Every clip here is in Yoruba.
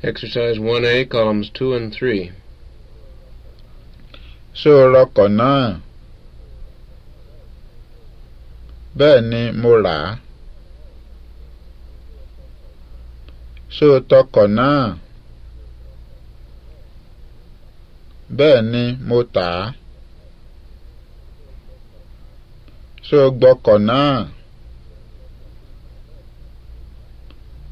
Exercise 1A, columns 2 and 3. Ṣé o rọkọ̀ náà? Bẹ́ẹ̀ ni mo rà á. Ṣé o tọkọ̀ náà? Bẹ́ẹ̀ ni mo tà á. Ṣé o gbọ́kọ̀ náà?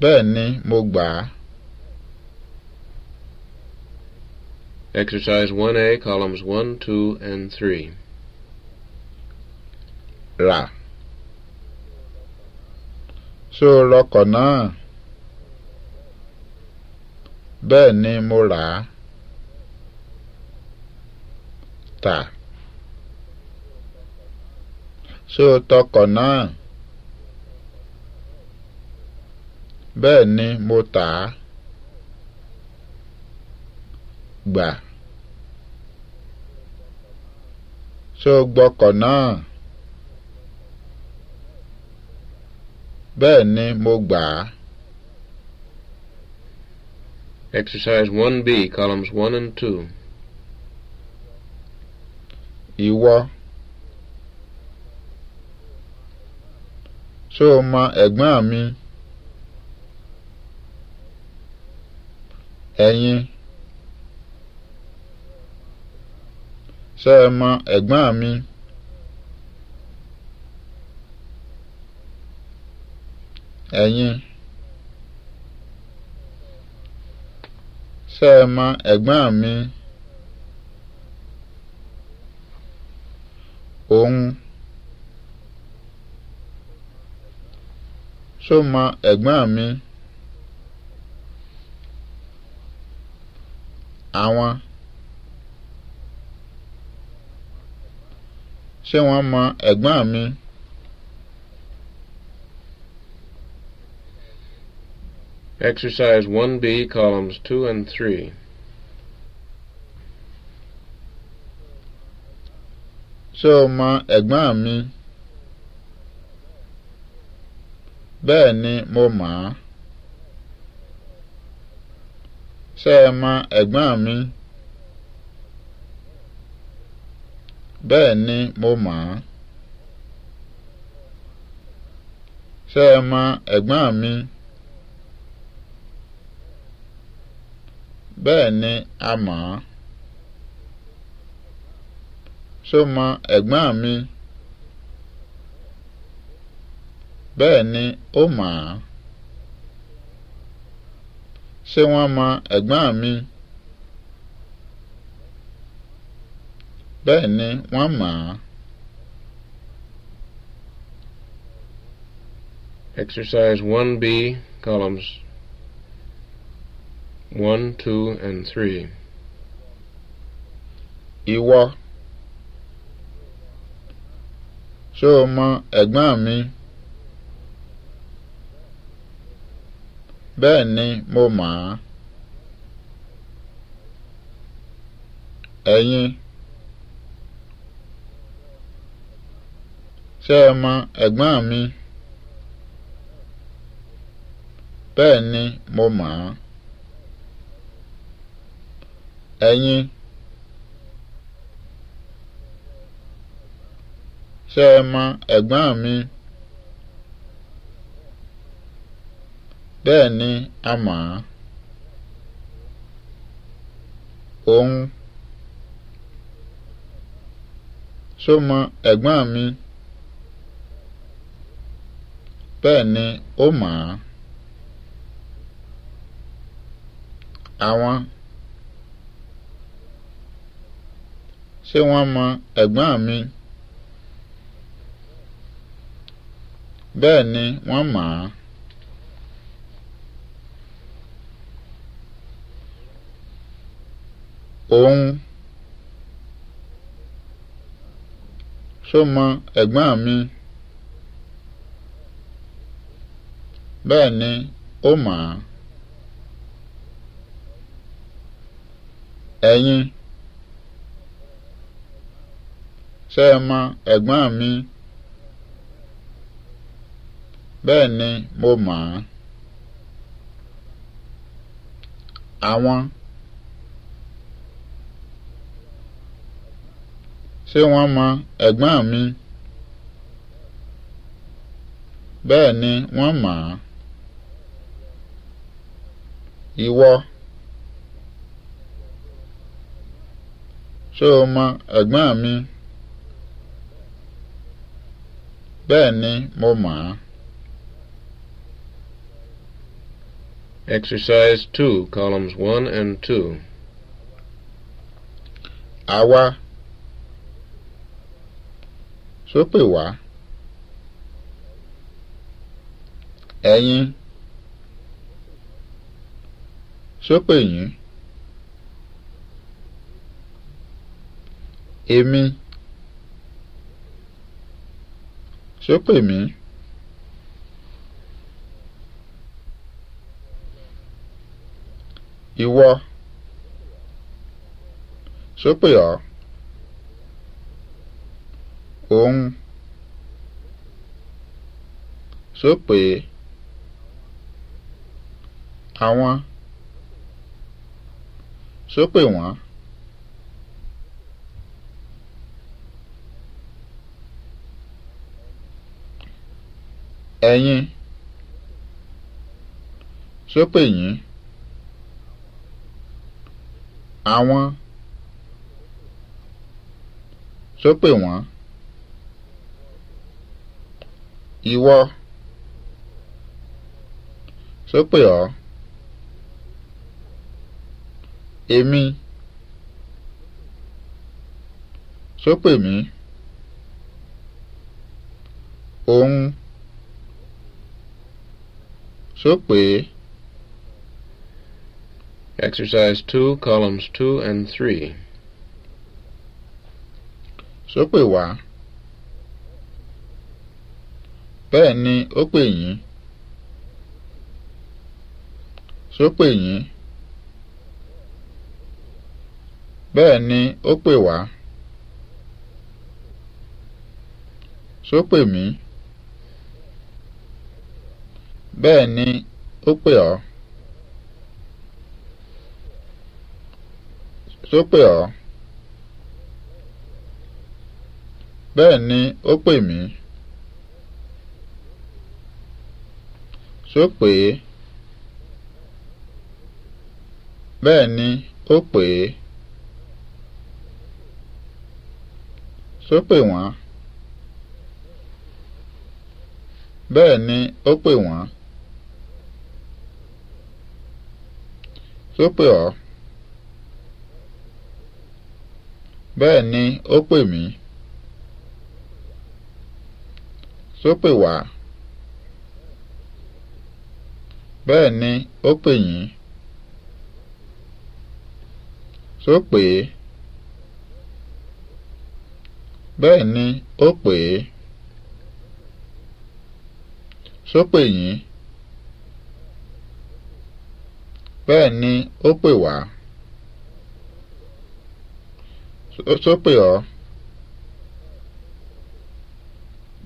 Bẹ́ẹ̀ ni mo gbà á. Exercise 1A, columns 1, 2, and 3. La. So o rọkọ̀ náà? Tà. So o tọkọ̀ náà? gbà ṣó gbọ́kọ̀ náà bẹ́ẹ̀ ni mo gbà á. Exercise one b columns one and two Ìwọ. Ṣé o mọ ẹ̀gbọ́n mi? Ẹ̀yin. ṣé ẹ mọ ẹ̀gbọ́n mi ẹ̀yin ṣé ẹ mọ ẹ̀gbọ́n mi òun ṣó mọ ẹ̀gbọ́n mi àwọn. ṣé wọ́n mọ ẹ̀gbọ́n mi. Exercise 1B, columns 2 and 3. Ṣé o mọ ẹ̀gbọ́n mi? Bẹ́ẹ̀ ni mo mọ̀ á. Ṣé ẹ mọ ẹ̀gbọ́n mi? bẹ́ẹ̀ ni mo mọ̀ ọ́n. ṣé ẹ mọ ẹ̀gbọ́n mi? bẹ́ẹ̀ ni a mọ̀ ọ́n. ṣó mọ ẹ̀gbọ́n mi? bẹ́ẹ̀ ni ó mọ̀ ọ́n. ṣé wọ́n mọ ẹ̀gbọ́n mi? bẹ́ẹ̀ ni wọ́n mọ̀ Exercise 1B, columns 1, 2, and 3. Ìwọ. Ṣé o mọ ẹ̀gbọ́n mi? Bẹ́ẹ̀ ni mo mọ̀ Ẹ̀yin. ṣé ẹ mọ ẹ̀gbọ́n mi? Bẹ́ẹ̀ ni mo mọ̀ ọ́n. Ẹ̀yin ṣé ẹ mọ ẹ̀gbọ́n mi? Bẹ́ẹ̀ ni a mọ̀ ọ́n. Òun ṣó mọ ẹ̀gbọ́n mi? bẹ́ẹ̀ ni ó mọ̀ ọ́n. àwọn ṣé wọ́n mọ ẹ̀gbọ́n mi? bẹ́ẹ̀ ni wọ́n mọ̀ Bẹ́ẹ̀ ni, ó mà á. Ẹ̀yin ṣé ẹ ẹ̀gbọ́n mi? Bẹ́ẹ̀ ni, mo mà á. Àwọn ṣé mi? Bẹ́ẹ̀ ni, wọ́n mà ìwọ ṣé o mọ ẹ̀gbọ́n mi bẹ́ẹ̀ ni mo mọ̀ á. Exercise 2, columns 1 and 2. Àwa pé wá ẹ̀yin. ṣó pè yín èmi ṣó pè mí ìwọ ṣó pè ọ́ òun ṣó pè àwọn ṣó pè wọ́n. ẹ̀yin ṣó pè yín àwọn ṣó pè wọ́n ìwọ ṣó pè ọ́. èmi ṣó pè mí òun ṣó pè Exercise 2, columns 2 and 3. Ṣó pè wá? Bẹ́ẹ̀ ni ó pè yín. Ṣó yín? bẹ́ẹ̀ ni ó pè wá ṣó pè mí bẹ́ẹ̀ ni ó pè ọ́ ṣó pè ọ́ bẹ́ẹ̀ ni ó pè mí ṣó pè é bẹ́ẹ̀ ni ó pè é. ṣó pè wọ́n bẹ́ẹ̀ ni ó pè wọ́n ṣó pè ọ́ bẹ́ẹ̀ ni ó pè mí pè wá bẹ́ẹ̀ ni ó pè yín pè Bẹ́ẹ̀ ni, ó pè é. Ṣó yín? Bẹ́ẹ̀ ni, ó pè wá. sópè pè ọ́?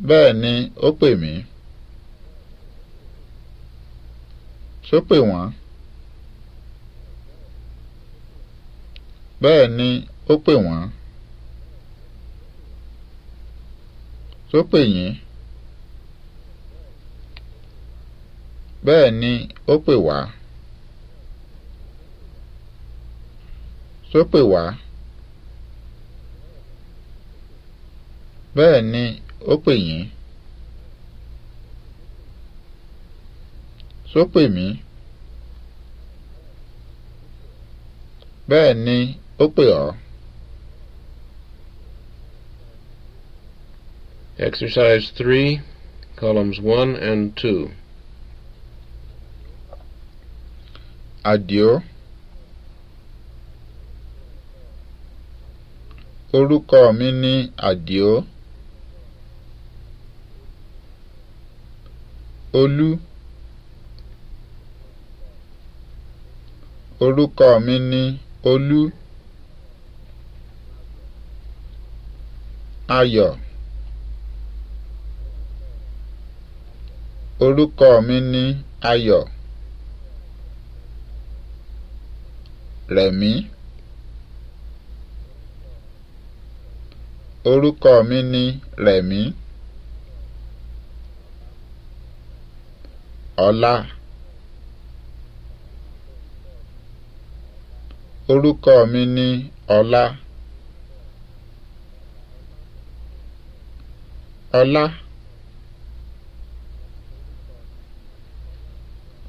Bẹ́ẹ̀ ni, ó pè mí. sópè wọ́n? Bẹ́ẹ̀ ni, ó pè wọ́n. tó pè yín bẹ́ẹ̀ ni ó pè wá tó pè wá bẹ́ẹ̀ ni ó pè yín tó pè mí bẹ́ẹ̀ ni ó pè ọ́. Exercise 3, columns 1 and 2. Adio. Orúkọ mi ni Adio. Olú. Orúkọ mi ni Olú. Ayọ̀. Orúkọ mi ni Ayọ̀ Rẹ̀mí. Orúkọ mi ni Rẹ̀mí. Ọlá. Orúkọ mi ni Ọlá. Ọlá.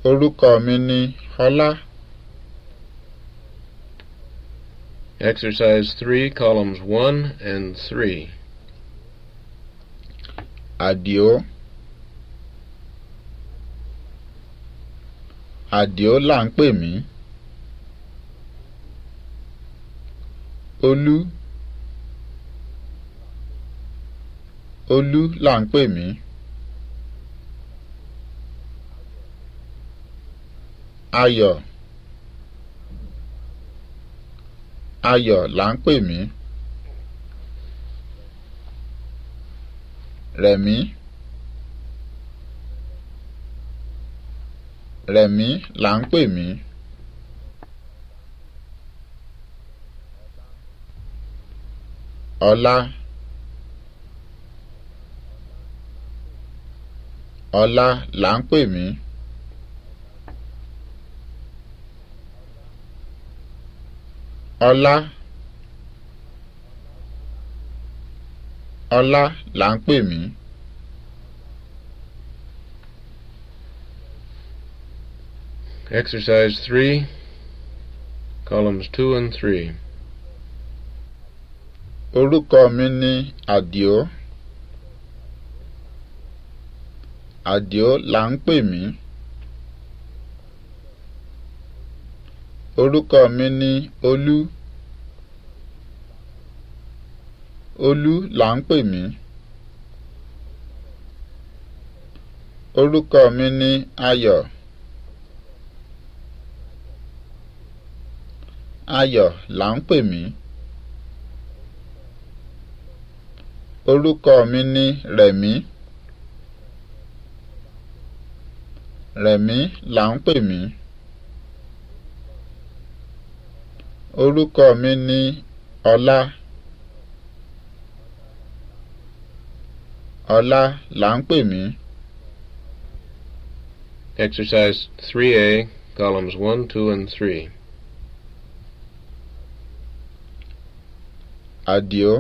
Orúkọ mi ni Ọlá. Exercise three, columns one and three. Àdìó. Àdìó là ń pè mí. Olú. Olú là ń pè mí. Ayọ̀ Ayọ̀ là ń pè mí. Rẹ̀mí Rẹ̀mí là ń pè mí. Ọlá Ọlá là ń pè mí. ọlá ọlá là ń pè mí. Exercise three, columns two and three. Orúkọ mi ni Àdìó. Àdìó là ń pè mí. Orúkọ mi ni Olú. Olú là ń pè mí. Orúkọ mi ni Ayọ̀. Ayọ̀ là ń pè mí. Orúkọ mi ni Rẹ̀mí. Rẹ̀mí là ń pè mí. Orúkọ mi ni Ọlá. Ọlá là ń pè mí. Exercise 3A, columns one, two, and three. Àdìó.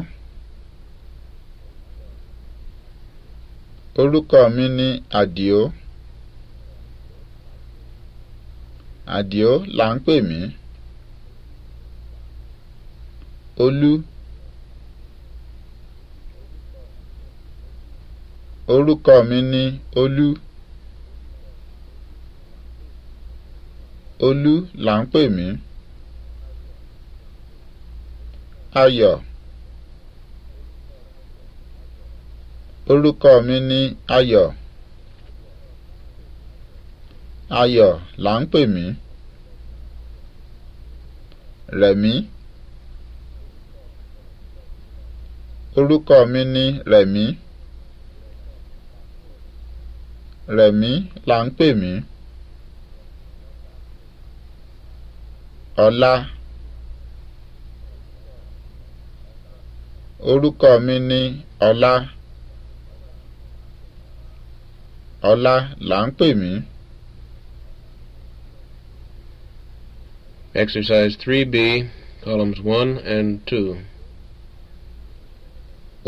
Orúkọ mi ni Àdìó. Àdìó là ń pè mí. Olú orúkọ mi ni Olú. Olú là ń pè mí. Ayọ̀ orúkọ mi ni Ayọ̀. Ayọ̀ là ń pè mí. Rẹ̀mí. orúkọ mi ni Rẹ̀mí Rẹ̀mí là ń pè mí Ọlá orúkọ mi ni Ọlá Ọlá là ń pè mí. Exercise 3B, columns 1 and 2.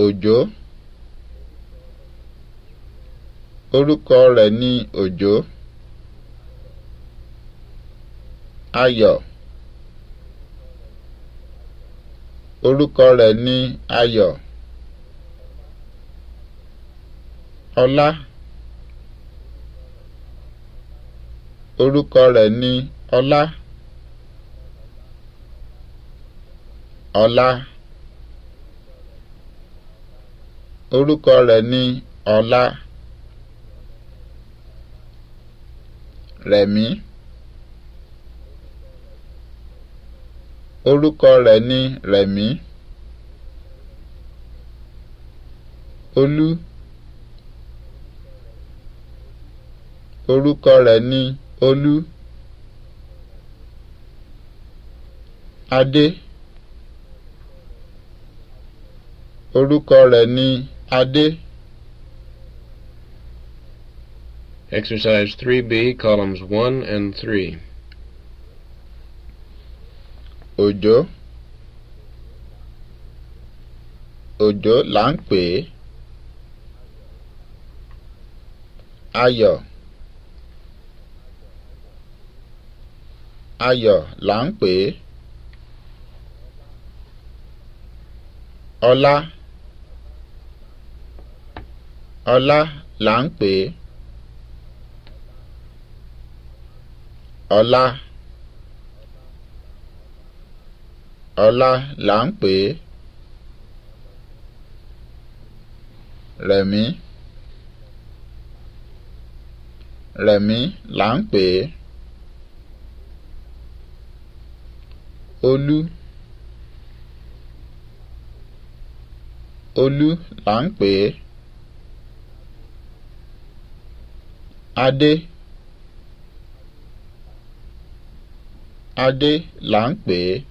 Òjó orúkọ rẹ̀ ni Òjó Ayọ̀ orúkọ rẹ̀ ni Ayọ̀ Ọlá orúkọ rẹ̀ ni Ọlá. Ọlá. orúkọ rẹ̀ ni ọlá rẹ̀mí orúkọ rẹ̀ ni rẹ̀mí olú orúkọ rẹ̀ ni olú adé orúkọ rẹ̀ ni. Adé. Exercise 3B, columns 1 and 3. Òjò. Òjò là pè Ayọ̀. Ayọ̀ là Hola. pè Ọlá. ọlá là ń pè é ọlá ọlá là ń pè é rẹ̀mí rẹ̀mí là ń pè é olú olú là ń pè é. Adé Adé là ń pè é.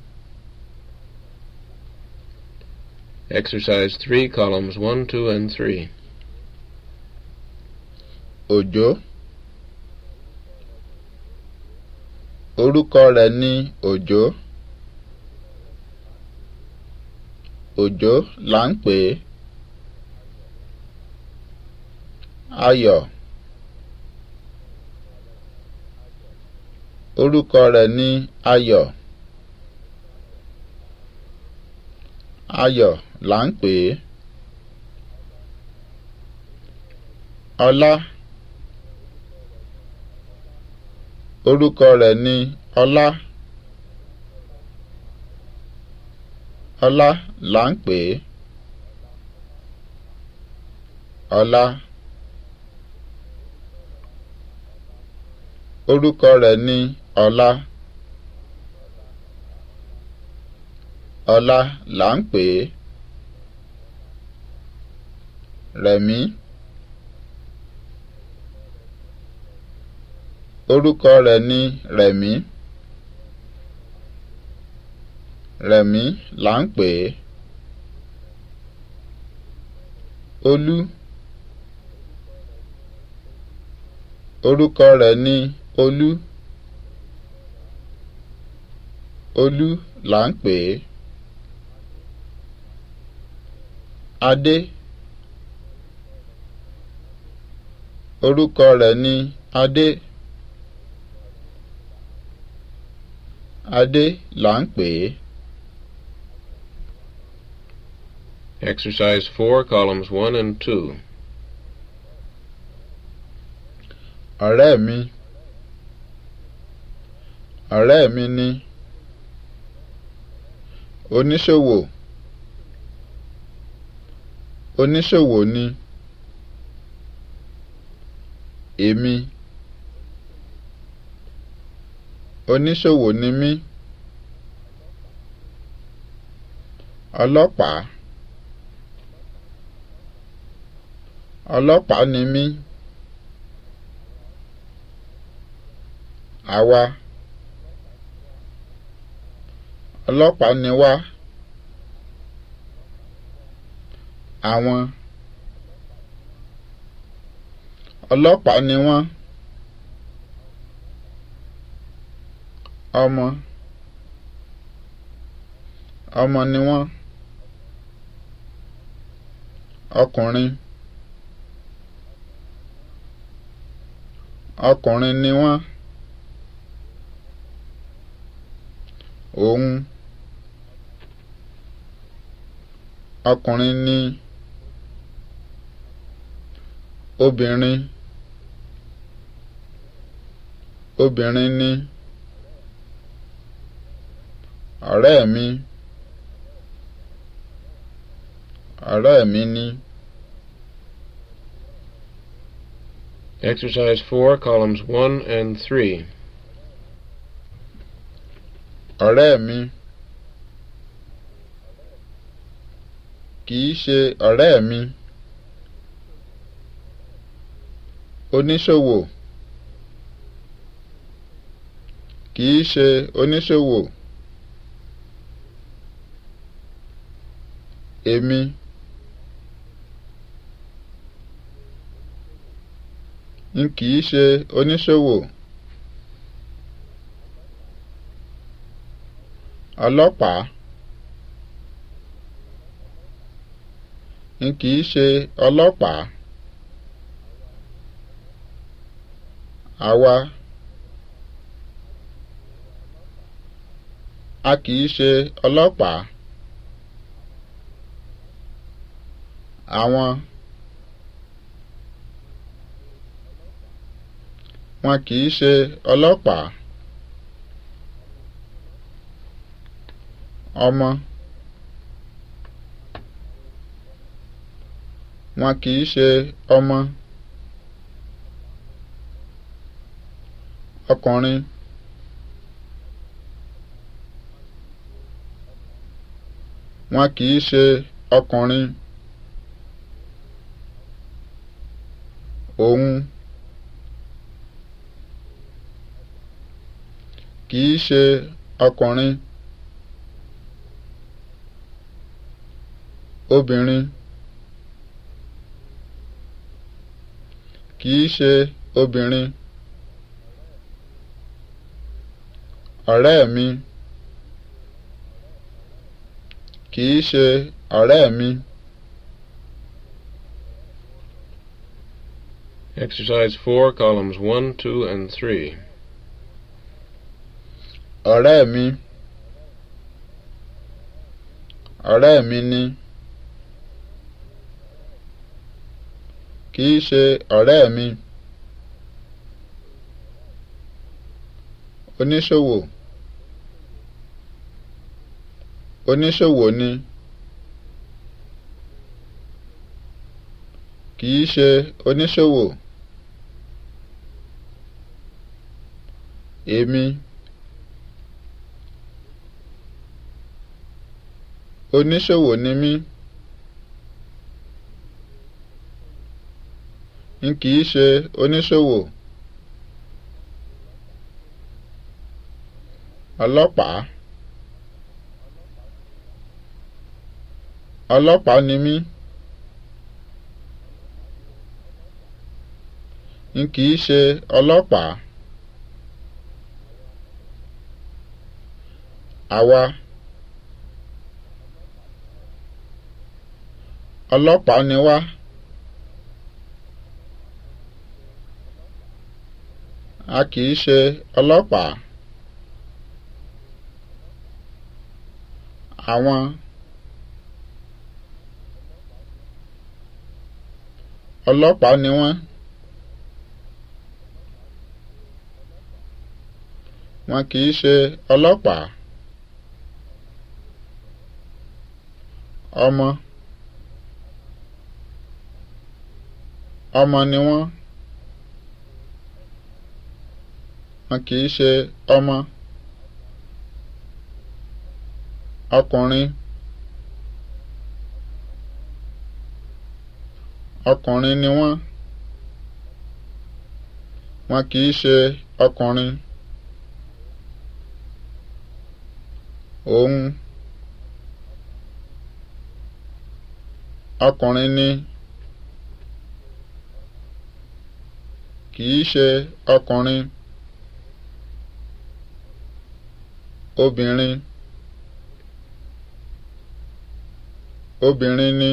Exercise three columns one, two, and three. Òjó Orúkọ rẹ̀ ni Òjó. Òjó là ń pè é. Ayọ̀. orúkọ rẹ̀ ní Ayọ̀ Ayọ̀ là ń pè é Ọlá orúkọ rẹ̀ ní Ọlá Ọlá là ń pè é Ọlá. orúkọ rẹ̀ ni ọlá ọlá là ń pè é rẹ̀mí orúkọ rẹ̀ ni rẹ̀mí rẹ̀mí là ń pè é olú orúkọ rẹ̀ ni olú. Olú là ń pè é. Adé orúkọ rẹ̀ ni Adé. Adé là ń pè é. Exercise four, columns one and two. Ọ̀rẹ́ mi. Ọ̀rẹ́ mi ni oníṣòwò oníṣòwò ni èmi oníṣòwò ni mí ọlọ́pàá ọlọ́pàá ni mí àwa. ọlọ́pàá ni wá àwọn ọlọ́pàá ni wọ́n ọmọ ọmọ ni wọ́n ọkùnrin ọkùnrin ni wọ́n òun. ọkùnrin ni obìnrin obìnrin ni ọ̀rẹ́ mi ọ̀rẹ́ mi ni. Exercise 4, columns 1 and 3. ọ̀rẹ́ mi. kì í ṣe ọ̀rẹ́ mi. oníṣòwò kì í ṣe oníṣòwò. èmi. n kì í ṣe oníṣòwò. ọlọ́pàá. n kì í ṣe ọlọ́pàá àwa a kì í ṣe ọlọ́pàá àwọn wọn kì í ṣe ọlọ́pàá ọmọ. wọn kì í ṣe ọmọ. ọkùnrin wọn kì í ṣe ọkùnrin òun kì í ṣe ọkùnrin obìnrin. kìí ṣe obìnrin. ọ̀rẹ́ mi ṣe ọ̀rẹ́ mi. Exercise 4, columns 1, 2, and 3. ọ̀rẹ́ mi ọ̀rẹ́ mi ni. kì í ṣe ọ̀rẹ́ mi. oníṣòwò oníṣòwò ni kì í ṣe oníṣòwò èmi oníṣòwò ni mí. n kì í ṣe oníṣòwò. ọlọ́pàá ọlọ́pàá ni mí. n kì í ṣe ọlọ́pàá. àwa ọlọ́pàá ni wá. a kì í ṣe ọlọ́pàá. àwọn ọlọ́pàá ni wọ́n. wọn kì í ṣe ọlọ́pàá. ọmọ ọmọ ni wọ́n. maka iṣe ọma ọkùnrin ọkùnrin ni wọn wọn kì í ṣe ọkùnrin òun ọkùnrin ni kì í ṣe ọkùnrin. obìnrin obìnrin ni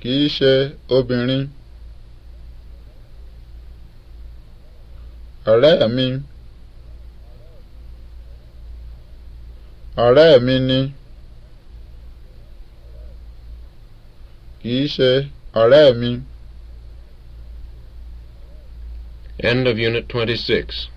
kìí ṣe obìnrin ọ̀rẹ́ mi ọ̀rẹ́ mi ni ṣe ọ̀rẹ́ mi. End of Unit 26.